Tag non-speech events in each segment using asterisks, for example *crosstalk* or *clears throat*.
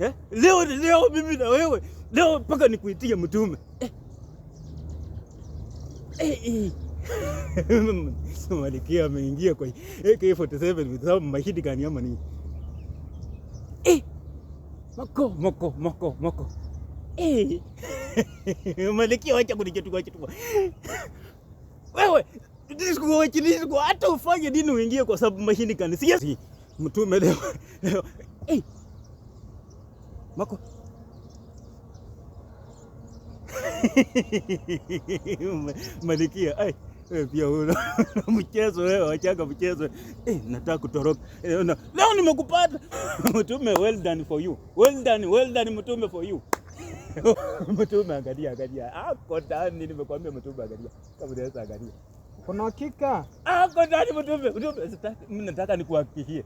eh? Leo leo mimi na wewe leo mpaka nikuitie mtume eh. Eh, eh. *laughs* Malkia ameingia kwa AK47 with some mahidi gani ama nini? Eh. Moko moko moko moko. Eh. *laughs* Malkia wacha kunichetua chetua. Wewe, nisikuachinisikuwa hata ufanye nini uingie kwa sababu mahindi gani? Si mtume leo leo hey. mako *laughs* Malikia ai pia huyo mchezo wewe, wachaga mchezo eh, nataka kutoroka leo, nimekupata *laughs* mtume. Well done for you, well done, well done mtume for you *laughs* mtume. Angalia, angalia ako ndani, nimekwambia mtume, angalia kama unaweza, angalia kuna hakika ako ndani mtume. Mtume, nataka nikuhakikishie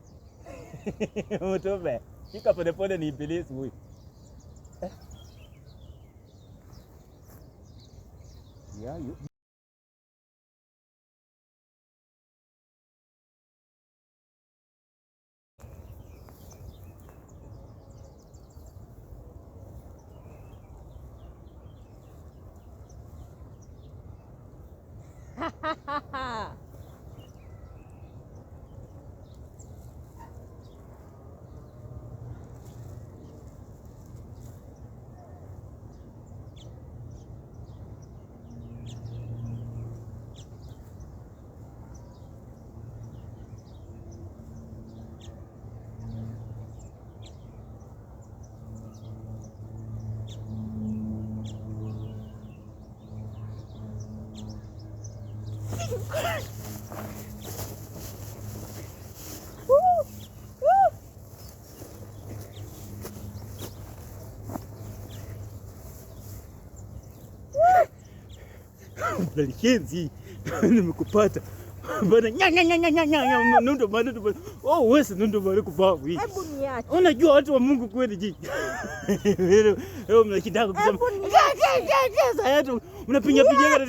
*laughs* Mtume, shika polepole, ni ibilisi huyu yeah, you... *laughs* Dalkezi *laughs* nimekupata *laughs* bana nyanya nyanya nyanya nundo bana oh wewe nundo bana kufahamu hii hebu niache unajua watu wa Mungu kweli ji *laughs* leo mnakitaka kusema hayatu mnapinya pinya kana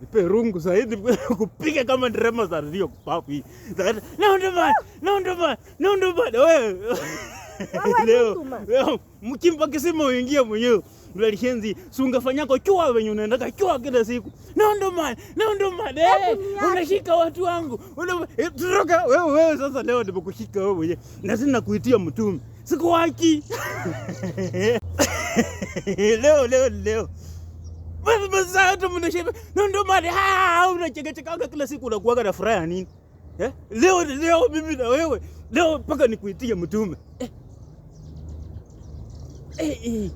nipe rungu zaidi kupiga kama drama za radio kufahamu hii nundo bana nundo bana nundo bana wewe Leo, leo mkimpa kisima uingie mwenyewe. Ndio alihenzi sungafanyako chua wenye unaendaka chua kila siku. No ndo man, no ndo eh, Unashika watu wangu. Unatoroka eh, wewe wewe sasa leo nimekushika wewe mwenyewe. Na sina kuitia mtumi. Sikuwaki. *laughs* Leo leo leo. Basi basi hata mnashinda. No ndo man. Ha, unacheka cheka kila siku unakuaga na furaha nini? Eh? Leo leo mimi na wewe. Leo mpaka nikuitie mtume. Eh? Eh, eh.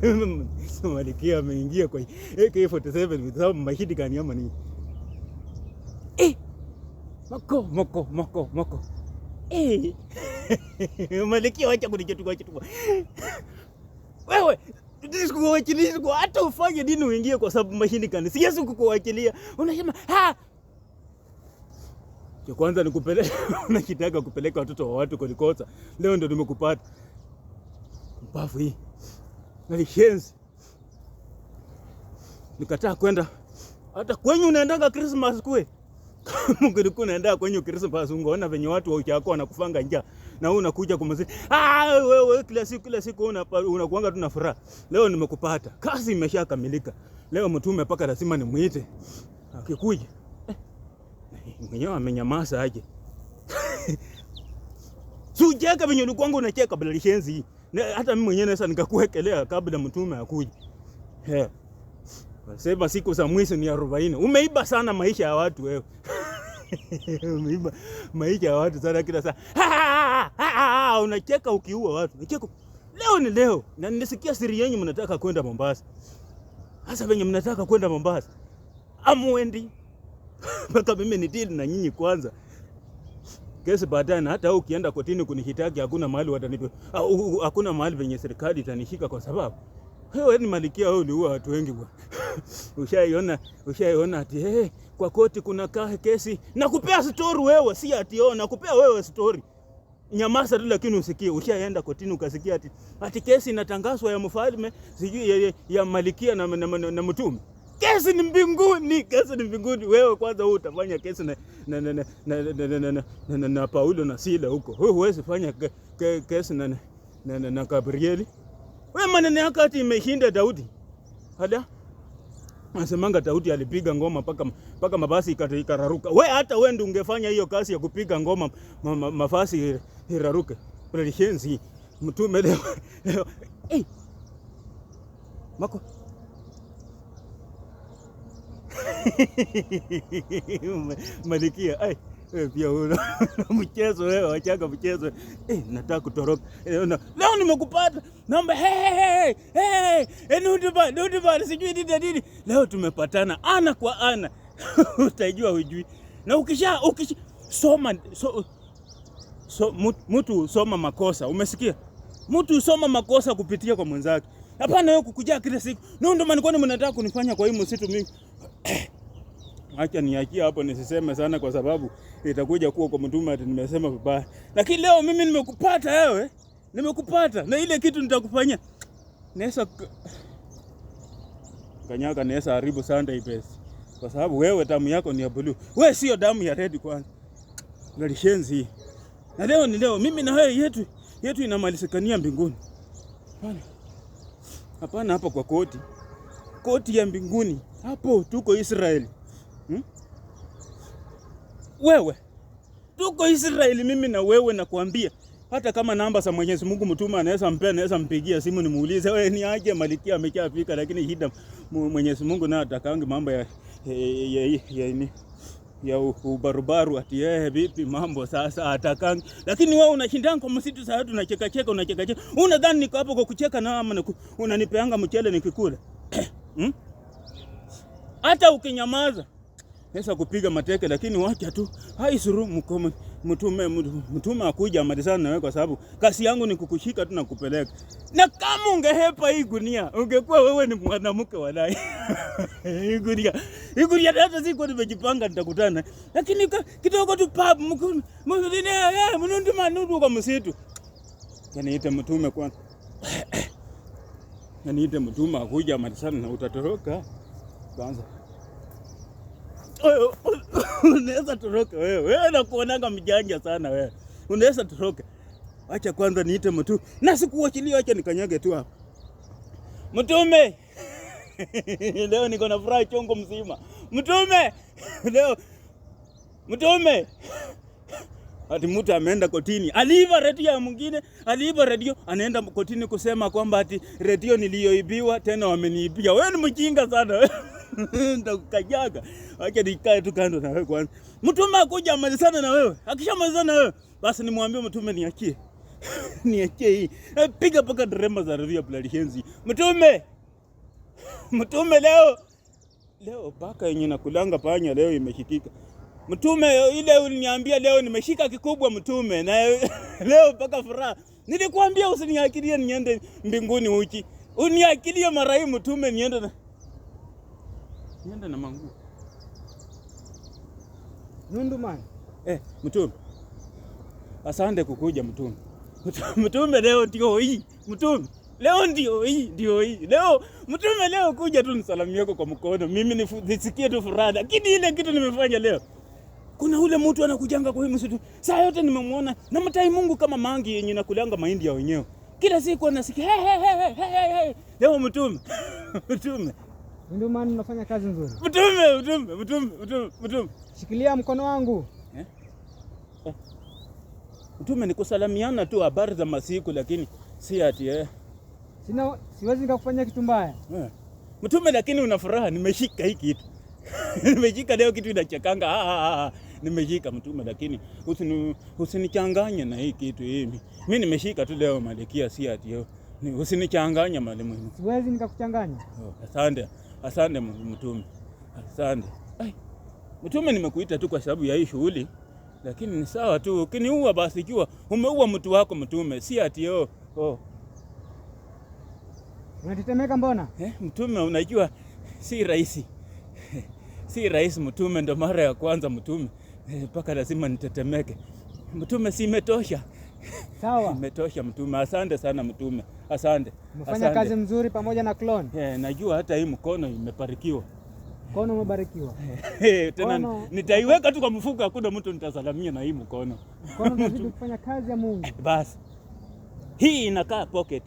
*laughs* Malkia ameingia kwa AK47 kwa sababu mahidi ama nini? Eh. Moko moko moko moko. Eh. *laughs* Malkia wacha kunichetua chetua. *laughs* Wewe nisikuachilia hata ufanye dini uingie kwa sababu mahindi kani. Siwezi kukuachilia. Unasema ha cha kwanza nikupeleka, kupeleka kupeleka watoto wa watu kolikosa. Leo ndo nimekupata mapafu hii, nalihenzi nikataa kwenda. Hata kwenye unaendaga Christmas kwe *laughs* Mungu ndiku unaenda kwenye Christmas, ungeona venye watu wa uchako wanakufanga njaa na wewe unakuja kumzidi. Ah, wewe kila siku kila siku unakuanga tu na furaha. Leo nimekupata, kazi imeshakamilika. Leo mtume paka lazima nimuite akikuja. Mwenyewe amenyamaza aje? Sujeka *laughs* venye ulikuwa unacheka bila lishenzi hii hata mimi mwenyewe naweza nikakuwekelea kabla mtume akuje. Yeah. Sema siku za mwisho ni arobaini. Umeiba sana maisha ya watu wewe. *laughs* Umeiba maisha ya watu sana kila saa. Unacheka ukiua watu. Unacheka. Leo ni leo. Na nisikia siri yenu mnataka kwenda Mombasa. Hasa venye mnataka kwenda Mombasa. Amuendi. *laughs* Mpaka mimi ni deal na nyinyi kwanza kesi baadaye, na hata ukienda kotini kunihitaki, hakuna mahali watanipe, ah, hakuna mahali venye serikali itanishika kwa sababu wewe ni malikia, wewe uliua watu wengi bwana. *laughs* Ushaiona, ushaiona ati hey, kwa koti kuna kahe kesi Nakupea story wewe, si ati ona oh, nakupea wewe story. Nyamaza tu lakini usikie. Ushaenda kotini ukasikia ati ati kesi inatangazwa ya mfalme sijui ya, ya, ya malikia na, na, na, na, na mtume kesi ni mbinguni, kesi ni mbinguni. Wewe kwanza wewe utafanya kesi na na na na na na Paulo na Sila huko, wewe huwezi fanya kesi na na na Gabrieli. Wewe maneno yako ati imeshinda Daudi. Hada nasemanga Daudi alipiga ngoma mpaka mpaka mabasi ikararuka. Wewe hata wewe ndio ungefanya hiyo kazi ya kupiga ngoma mafasi iraruke. Ulishenzi mtume leo. Hey. Mako *laughs* Malikia ai pia *laughs* una mchezo wewe, wachaga mchezo. Eh, nataka kutoroka eh, leo, nimekupata namba. Hey, hey, hey, eh, Nutuba, Nutuba, sijui nini nini. Leo tumepatana ana kwa ana, *laughs* utajua hujui. Na ukisha ukisha soma so, so, mtu soma makosa, umesikia? Mtu soma makosa kupitia kwa mwenzake. Hapana wewe kukujaa kila siku. No ndio maana kwani mnataka kunifanya kwa hii msitu mimi. *coughs* Acha niachie hapo nisiseme sana kwa sababu itakuja kuwa kwa mtume ati nimesema vibaya. Lakini leo mimi nimekupata wewe. Nimekupata na ile kitu nitakufanyia. Nesa Kanyaga nesa haribu sana hii Kwa sababu wewe damu yako ni ya blue. Wewe sio damu ya red kwanza. Ngalishenzi. Na leo ni leo mimi na wewe yetu yetu inamalizikania mbinguni. Bwana. Hapana hapa kwa koti, koti ya mbinguni, hapo tuko Israeli hmm? Wewe tuko Israeli, mimi na wewe, nakwambia hata kama namba za Mwenyezi Mungu mtume anaweza mpea, anaweza mpigia simu nimuulize, wewe ni aje Malikia ameshafika, lakini hida Mwenyezi Mungu naye atakangi mambo ya, ya, ya, ya, ya, ya, ya, ya, ya ya ubarubaru ati eh, vipi mambo sasa atakangi, lakini wewe unashindana kwa msitu sasa, tunacheka cheka, unacheka cheka, unadhani niko hapo kwa kucheka na mama, unanipeanga mchele nikikula *clears throat* hmm? hata ukinyamaza pesa kupiga mateke, lakini wacha tu haisuru mkomo mtume mtume akuja amalizana na wewe, kwa sababu kasi yangu ni kukushika tu na kupeleka. Na kama ungehepa hii gunia, ungekuwa wewe ni mwanamke walai. *laughs* hii gunia hii gunia, hata siku nimejipanga nitakutana, lakini kidogo tu pap mkuni eh, eh mnundu manundu kwa msitu. Kaniite mtume kwanza, kaniite *coughs* mtume akuja amalizana na utatoroka kwanza unaweza toroka wewe. Wewe nakuonanga mjanja sana wewe. Unaweza toroka. Acha kwanza niite mtu. Na sikuachilia, acha nikanyage tu hapa. Mtume. *laughs* Leo niko na furaha chongo mzima. Mtume. *laughs* Leo. Mtume. *laughs* Ati mtu ameenda kotini, aliiba redio ya mwingine, aliiba redio, anaenda kotini kusema kwamba ati redio niliyoibiwa tena wameniibia. Wewe ni mjinga sana. wewe. *laughs* ndakukanyaga. Acha nikae tu kando na wewe kwani. Mtume akuja amalizane na wewe. Akishamalizana na wewe, basi nimwambie mtume niachie. *laughs* Niachie hii. Eh, piga paka drama za Ria Blood Henzi. Mtume. *laughs* Mtume leo. Leo paka yenye nakulanga panya leo imeshikika. Mtume ile uliniambia leo nimeshika kikubwa mtume, na leo paka furaha. Nilikwambia usiniakilie niende mbinguni uchi, uniakilie marai mtume niende na niende na manguo Nundu man. Eh, mtume asante kukuja mtume. Mtume leo ndio hii mtume, leo ndio hii ndio hii leo mtume, leo kuja tu nisalamie yako kwa mkono, mimi nisikie tu furaha, lakini ile kitu nimefanya leo kuna ule mtu anakujanga kwa hii msitu saa yote, nimemwona na mtai Mungu kama mangi yenye nakulanga mahindi ya wenyewe kila siku anasikia. he he he he he. Leo mtume *laughs* mtume ndio maana unafanya kazi nzuri. Mtume, mtume, mtume, mtume, mtume. Shikilia mkono wangu eh? Eh. Mtume, kusalamiana tu habari za masiku, lakini si ati eh. Sina, siwezi nikakufanyia kitu mbaya eh. Mtume, lakini una furaha, nimeshika hii kitu *laughs* nimeshika leo kitu inachakanga. Ah, ah, ah. Nimeshika mtume, lakini usini usinichanganye na hii kitu hii. Mimi nimeshika tu leo malikia, si ati eh. usinichanganye mwalimu. Siwezi nikakuchanganya. Oh, Asante. Oh, Asante mtume, asante. Ai, mtume, nimekuita tu kwa sababu ya hii shughuli, lakini ni sawa tu. Ukiniua basi jua umeua mtu wako mtume, si ati yo oh. oh. Unatetemeka mbona? Eh, mtume, unajua si rahisi *laughs* si rahisi mtume, ndo mara ya kwanza mtume eh, mpaka eh, lazima nitetemeke mtume, si imetosha Sawa. Imetosha mtume, asante sana mtume, asante. Umefanya kazi mzuri pamoja na clone. Yeah, najua hata hii mkono imebarikiwa. Mkono umebarikiwa. Eh, eh, tena nitaiweka tu kwa mfuko, hakuna mtu nitasalamia na hii mkono. Mkono unazidi kufanya kazi ya Mungu. Eh, Bas. hii inakaa pocket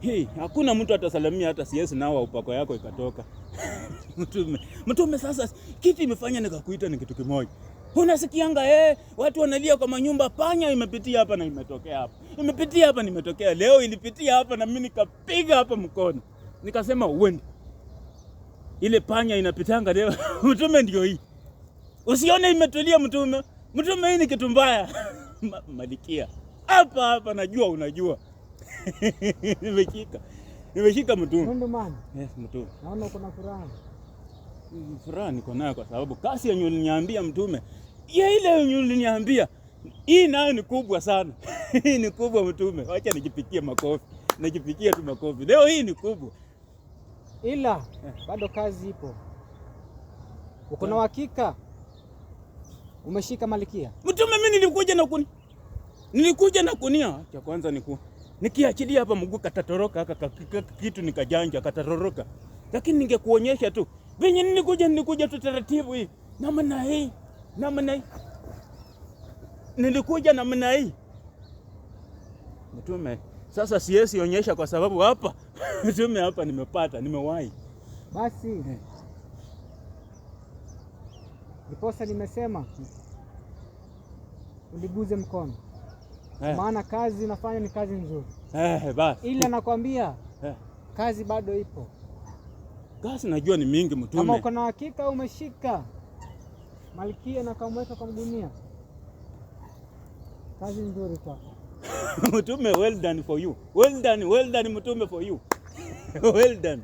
hii, hakuna mtu atasalamia hata siesi nao upako yako ikatoka. *laughs* Mtume, mtume, sasa kitu imefanya nikakuita ni kitu kimoja Unasikianga eh, watu wanalia kwa manyumba, panya imepitia hapa na imetokea hapa, imepitia hapa nimetokea, leo ilipitia hapa na mimi nikapiga hapa mkono, nikasema uende. Ile panya inapitanga leo *laughs* mtume, ndio hii. Usione imetulia mtume, mtume, hii ni kitu mbaya *laughs* malikia hapa hapa, najua unajua *laughs* nimeshika nimeshika mtume. Yes, mtume, naona kuna furaha furaha niko nayo kwa sababu kasi yenye uliniambia mtume, ya ile yenye uliniambia hii nayo ni kubwa sana. *laughs* hii ni kubwa mtume, wacha nijipikie makofi, nijipikie tu makofi leo, hii ni kubwa, ila bado kazi ipo. Uko na eh. uhakika umeshika malikia mtume? Mimi nilikuja na kuni, nilikuja na kunia cha kwanza ku nikiachilia hapa mguu katatoroka, kitu nikajanja katatoroka, lakini ningekuonyesha tu venye nilikuja nilikuja tu taratibu hii namna hii namna hii nilikuja namna hii mtume. Sasa siwezi onyesha kwa sababu hapa *laughs* mtume, hapa nimepata, nimewahi basi eh. ndiposa nimesema uliguze mkono eh, maana kazi nafanya ni kazi nzuri eh, basi. nakwambia eh, kazi bado ipo. Gasi najua ni mingi mtume. Kama uko na hakika umeshika malkia na kamweka kwa mgunia, kazi nzuri kwa. *laughs* mtume. Well done for you, well done, well done mtume for you *laughs* well done.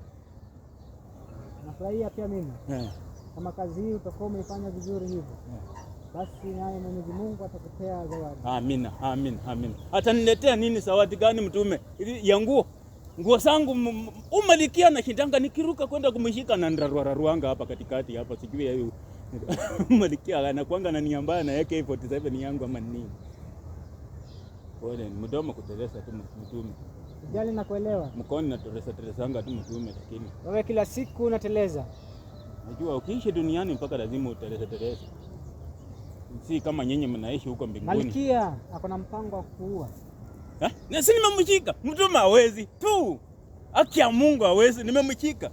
Nafurahia pia mimi yeah. Kama kazi hii utakuwa umeifanya vizuri hivyo yeah. Basi naye Mwenyezi Mungu atakupea zawadi. Amina, amina, amina. Ataniletea nini? Zawadi gani mtume? ya nguo nguo zangu umalikia na shindanga nikiruka kwenda kumshika na ruanga hapa katikati hapa, sijui yeye *laughs* umalikia na anakuanga na nia na AK47 yangu ama nini? Pole mdomo kuteresa tu mtume. Jali na kuelewa. Mkono na teresa teresa anga tu mtume, lakini wewe kila siku unateleza. Najua ukiishi duniani mpaka lazima uteleze teresa. si kama nyenye mnaishi huko mbinguni. Malikia akona mpango wa kuua na si nimemchika mtume hawezi tu, aki ya Mungu hawezi, nimemchika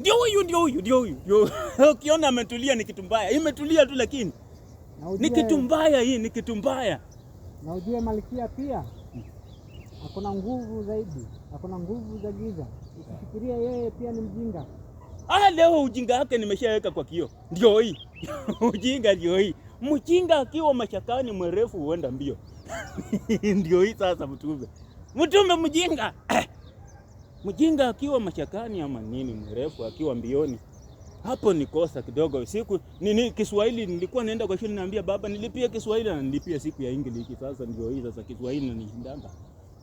ndio huyu ndio huyu ndio huyu *laughs* Ukiona ametulia ni kitu mbaya, imetulia tu, lakini ni kitu mbaya hii, ni kitu mbaya. Na ujue malkia pia hakuna nguvu zaidi, hakuna nguvu za giza. Ukifikiria yeye pia ni mjinga. Ah, leo ujinga wake nimeshaweka kwa kio, ndio hii *laughs* ujinga ndio hii. Mjinga akiwa mashakani mwerefu huenda mbio. *laughs* ndio hii sasa, mtume mtume mjinga *clears throat* mjinga akiwa mashakani ama nini, mrefu akiwa mbioni, hapo ni kosa kidogo. Siku nini Kiswahili nilikuwa naenda kwa shule, naambia baba nilipia Kiswahili na nilipia siku ya English. Sasa ndio hii sasa, Kiswahili nanishindanga,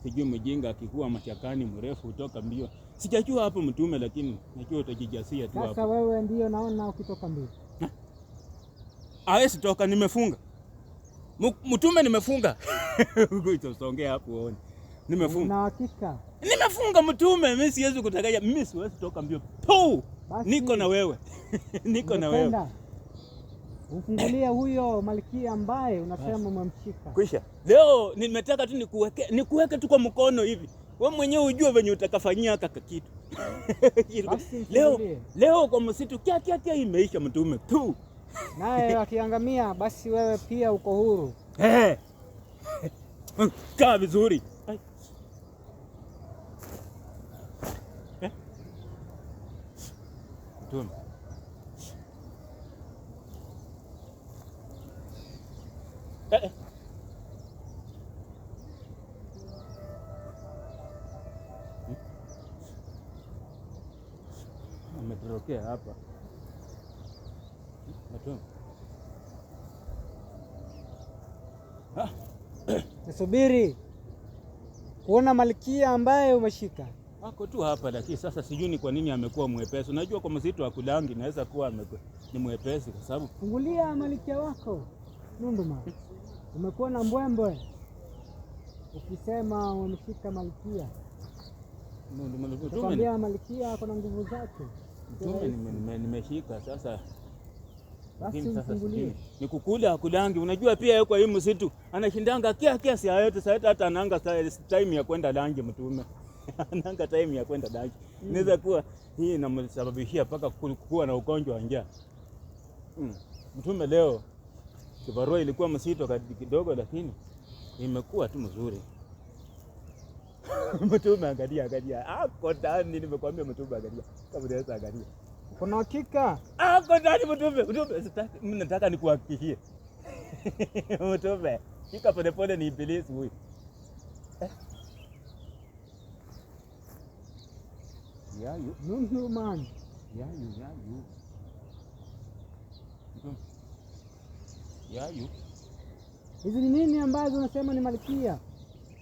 sijui mjinga akikuwa mashakani mrefu kutoka mbio. Sijajua hapo mtume, lakini najua utajijasia tu hapo. Sasa wewe ndio naona ukitoka mbio hawezi toka, nimefunga Mtume nimefunga. Utaongea *laughs* hapo uone. Nimefunga. Na hakika. Nimefunga mtume, mimi siwezi kutakaja, mimi siwezi toka mbio. Puu. Niko na wewe. *laughs* Niko na wewe. Ufungulie huyo malkia ambaye unasema umemshika. Kwisha. Leo nimetaka tu nikuweke nikuweke tu kwa mkono hivi. Wewe mwenyewe ujue venye utakafanyia kaka kitu. *laughs* Leo leo kwa msitu kia kia kia imeisha mtume. Puu naye akiangamia, basi wewe pia uko huru. Kaa vizuri. Eh, eh. ametorokea hapa. Ah. Nasubiri kuona malkia ambaye umeshika ako tu hapa, lakini sasa sijui ni kwa nini amekuwa mwepesi. Unajua kwa msitu akulangi, naweza kuwa ni mwepesi kwa sababu. Fungulia malkia wako Nunduma. Umekuwa na mbwembwe ukisema umeshika malkia Nunduma. malkia kuna nguvu zake. Nimeshika sasa ni kukula akulangi. Unajua pia yuko hii msitu anashindanga kia kia si yote sasa, hata ananga time ya kwenda langi mtume *laughs* ananga time ya kwenda langi mm. Inaweza kuwa hii inamsababishia paka kukua na ugonjwa wa njaa mm. Mtume leo kibarua ilikuwa msito kidogo, lakini imekuwa tu mzuri *laughs* mtume angalia, angalia, ako ndani. Nimekwambia mtume angalia, kama unaweza angalia kuna hakika? Ah, kwa nani mtume? Mtume mimi nataka nikuhakikishie. *laughs* Mtume, shika pole ni ibilisi huyu. Yeah, you, you man. Yeah, you, yeah, you. Mtume. Yeah, you. Hizi ni nini ambazo unasema ni malkia?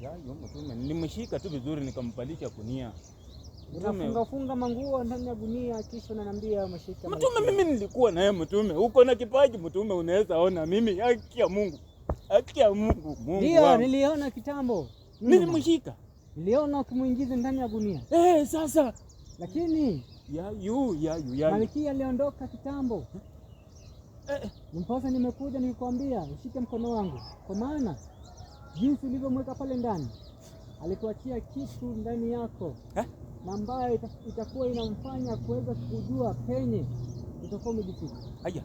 Yeah, you mtume. Nilimshika tu vizuri nikampalisha kunia unafunga funga manguo ndani ya gunia kisha unaniambia umeshika mtume. Mimi nilikuwa naye mtume, uko na kipaji mtume, unaweza ona. Mimi haki ya Mungu, haki ya Mungu, Mungu ndio niliona kitambo, nilimshika, niliona ukimwingiza ndani ya gunia eh. Sasa lakini ya yu ya malkia aliondoka kitambo eh. Mpasa eh. nimekuja nikikwambia ushike mkono wangu, kwa maana jinsi ulivyomweka pale ndani alikuachia kitu ndani yako eh? na ambayo itakuwa inamfanya kuweza kujua penye utakuwa umejificha. Haya,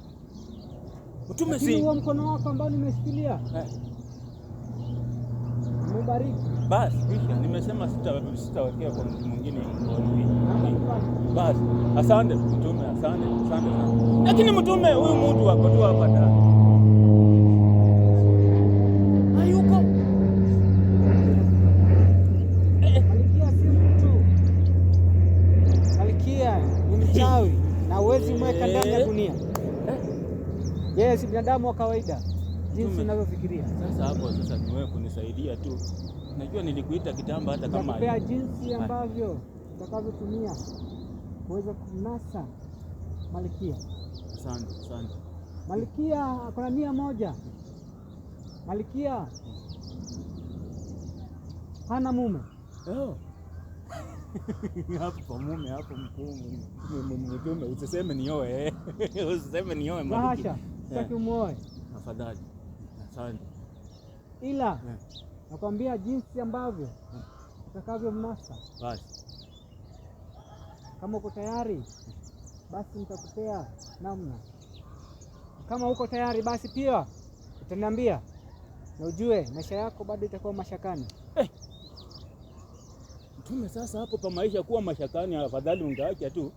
mtume si huo mkono wako ambao nimeshikilia eh. umebariki, basi kisha nimesema sitawekea kwa mtu mwingine. Basi asante mtume, asante asante sana. Lakini mtume, huyu mtu wako tu hapa ndani alimweka ndani ya eh? dunia eh? yeye eh? si binadamu wa kawaida jinsi unavyofikiria. Sasa hapo sasa ni wewe kunisaidia tu, najua nilikuita kitamba, hata kama kupea jinsi ambavyo utakavyotumia kuweza kumnasa Malkia. Asante, asante. Malkia kuna nia moja. Malkia eh. hana mume oh. *laughs* hapo kwa mume hapo mkume, usiseme nioe, *laughs* usiseme nioe, hasha, sitaki eh. muoe, afadhali. Asante, ila eh. nakwambia jinsi ambavyo utakavyo mnasa. Basi kama uko tayari, basi nitakupea namna. Kama uko tayari, basi pia utaniambia, na ujue maisha yako bado itakuwa mashakani. Mtume sasa hapo pa maisha kuwa mashakani, afadhali ungeacha tu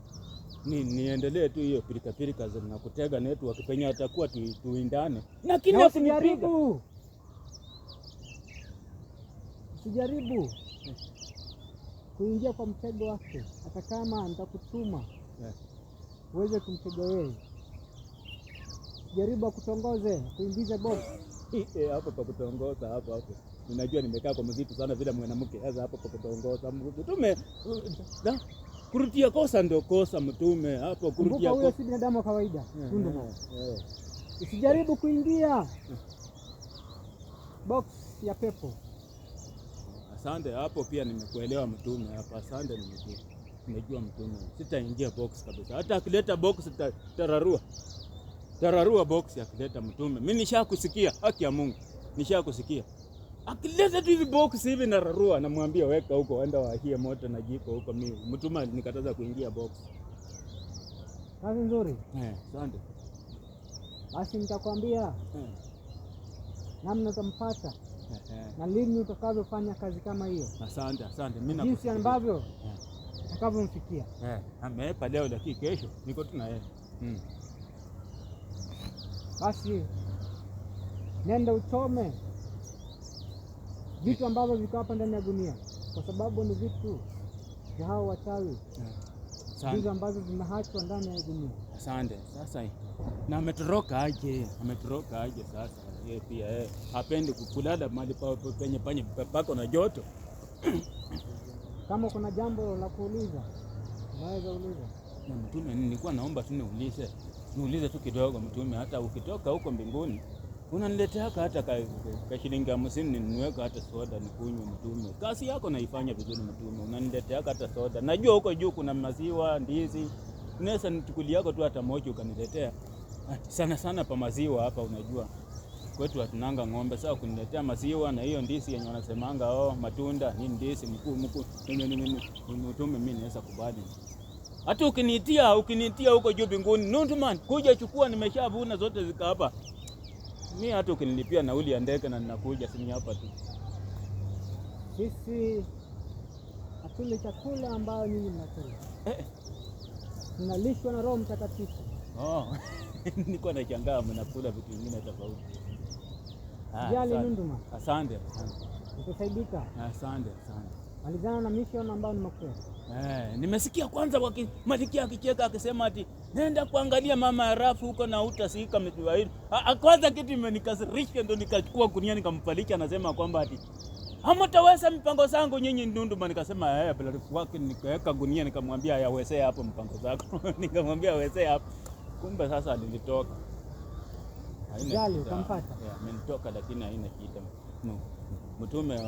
ni niendelee tu hiyo pilika pilika na kutega netu, wakipenya atakuwa tuindane, lakini usijaribu, usijaribu kuingia kwa mtego wake, hata kama nitakutuma eh. uweze kumtega yeye. Jaribu akutongoze, kuingize boss E, hapo pa kutongoza hapo hapo. Ninajua nimekaa kwa mzitu sana vile mwanamke. Sasa hapo pa kutongoza mtume, na kurutia kosa ndio kosa mtume hapo kurutia kosa. Huyo si binadamu wa kawaida. Eh, Tundu moja. Eh, eh. Usijaribu kuingia box ya pepo. Asante, hapo pia nimekuelewa mtume. Hapo asante, nimejua mtume. Sitaingia box kabisa, hata akileta box tararua tararua box akileta mtume. Mimi nishakusikia, haki ya Mungu, nishakusikia. Akileta tu hivi box hivi na rarua, namwambia weka huko, enda waahie moto na jiko huko. Mimi mtume nikataza kuingia box. Kazi nzuri. Eh, asante. Basi nitakwambia eh, namna utampata eh, eh. na lini utakavyofanya kazi kama hiyo. Asante, asante. Mimi na jinsi ambavyo eh. utakavyomfikia eh, ameepa leo, lakini kesho niko tu na yeye mm basi nenda uchome vitu ambavyo viko hapa ndani ya gunia, kwa sababu ni vitu vya hao wachawi, vitu ambazo zimehachwa ndani ya gunia. Asante. Sasa na ametoroka aje? Ametoroka aje? Sasa yeye pia yeye eh, hapendi kulala mahali penye panye pako na joto. *clears throat* Kama kuna jambo la kuuliza, unaweza uliza. mtume, nilikuwa naomba tu niulize niulize tu kidogo, Mtume, hata ukitoka huko mbinguni unanileteaka hata ka, ka shilingi hamsini niweka hata soda nikunywe Mtume, kazi yako naifanya vizuri Mtume, unanileteaka hata soda. Najua huko juu kuna maziwa, ndizi, unaweza nichukuliako tu hata mochi ukaniletea. Sana sana pa maziwa hapa, unajua kwetu hatunanga ng'ombe, saa kuniletea maziwa na hiyo ndizi yenye wanasemanga oh, matunda ni ndizi mkuu mkuu, Mtume mimi naweza kubali hata ukinitia ukinitia huko juu mbinguni, Nunduman, kuja chukua, nimeshavuna zote zika hapa. Mimi hata ukinilipia nauli ya ndege na ninakuja, sini hapa tu. Sisi hatuli chakula ambayo nyinyi mnakula eh. Mnalishwa na Roho Mtakatifu. Oh. *laughs* Niko na shangaa mnakula vitu vingine tofauti. Ah, Jali Nunduman, asante, asante. Asante, asante malizana na mission ambayo nimekupa. Eh, nimesikia kwanza waki, Malikia akicheka akisema ati nenda kuangalia mama ya rafu huko na utasika mtiwaini. Kwanza kitu imenikasirisha ndo nikachukua kunia nikampalikia, anasema kwamba ati hamtaweza mipango zangu nyinyi Ndunduma. Nikasema eh, bila wake, nikaweka gunia nikamwambia yawezee hapo mpango zako *laughs* nikamwambia awezee hapo. Kumbe sasa nilitoka jali ukampata. Yeah, mimi nitoka, lakini haina kitu mtume.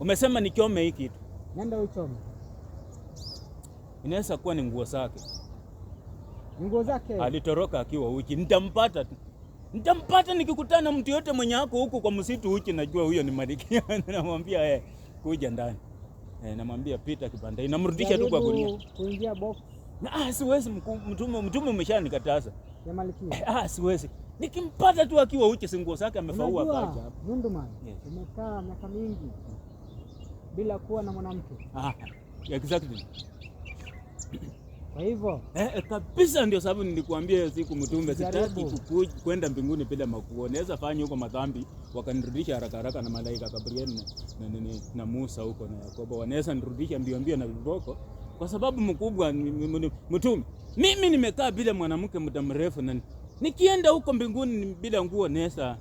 Umesema nikiome hii kitu nenda uchome. Inaweza kuwa ni nguo zake, nguo zake alitoroka akiwa uchi. Nitampata tu, nitampata nikikutana mtu yote mwenye ako huko kwa msitu uchi, najua huyo ni Malkia. *laughs* namwambia eh, kuja ndani eh, namwambia pita kibanda namrudisha tu kwa gunia kuingia box. Ah, siwezi mtume, mtume umeshanikataza ya Malkia. Eh, ah, siwezi nikimpata tu akiwa uchi, si nguo zake amefaua. Yes. Nundu man, umekaa miaka mingi bila kuwa na mwanamke. ah, Exactly. Kwa hivyo eh, eh kabisa ndio sababu nilikuambia hiyo siku mtumbe, sitaki kwenda mbinguni bila makuo. Naweza fanya huko madhambi wakanirudisha haraka haraka na malaika Gabriel na, na, na, na Musa huko na Yakobo, wanaweza nirudisha mbio mbio na viboko, kwa sababu mkubwa mtumbe, mimi nimekaa bila mwanamke muda mrefu, na nikienda huko mbinguni bila nguo naweza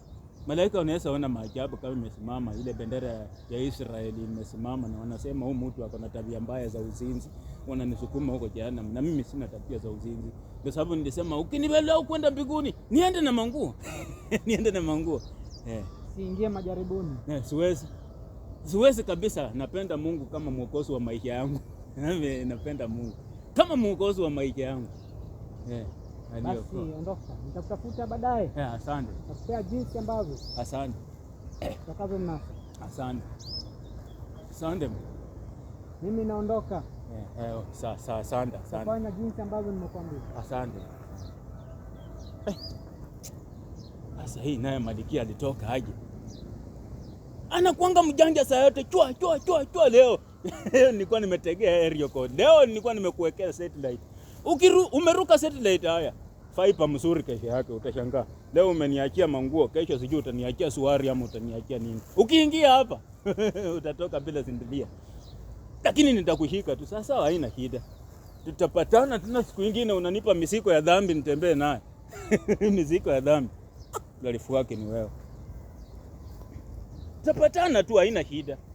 Malaika unaweza ona maajabu kama imesimama ile bendera ya Israeli imesimama, na wanasema huyu mtu ako na tabia mbaya za uzinzi, wananisukuma huko jehanamu, na mimi sina tabia za uzinzi. kwa sababu nilisema ukinibelea ukwenda mbinguni, niende na manguo *laughs* niende na manguo eh, siingie majaribuni eh, siwezi siwezi kabisa. Napenda Mungu kama mwokozi wa maisha yangu *laughs* napenda Mungu kama mwokozi wa maisha yangu eh. Basi ondoka, nitakutafuta baadaye. Eh, asante, nakupea jinsi ambavyo asante Asante, asante. Mimi naondoka eh, eh, fanya jinsi ambavyo nimekuambia. Asante. Sasa hii naye malikia alitoka aje? Anakuanga mjanja saa yote, chwa *laughs* Leo nilikuwa nimetegea aerial code, leo nilikuwa nimekuwekea satellite. Ukiru umeruka satellite haya Faipa mzuri kesho yake utashangaa. Leo umeniachia manguo, kesho sijui utaniachia suari ama utaniachia nini. Ukiingia hapa *laughs* utatoka bila sindilia. Lakini nitakushika tu sasa, haina shida. Tutapatana tena siku nyingine, unanipa misiko ya dhambi nitembee naye. *laughs* misiko ya dhambi. Garifu wake ni wewe. Tutapatana tu, haina shida.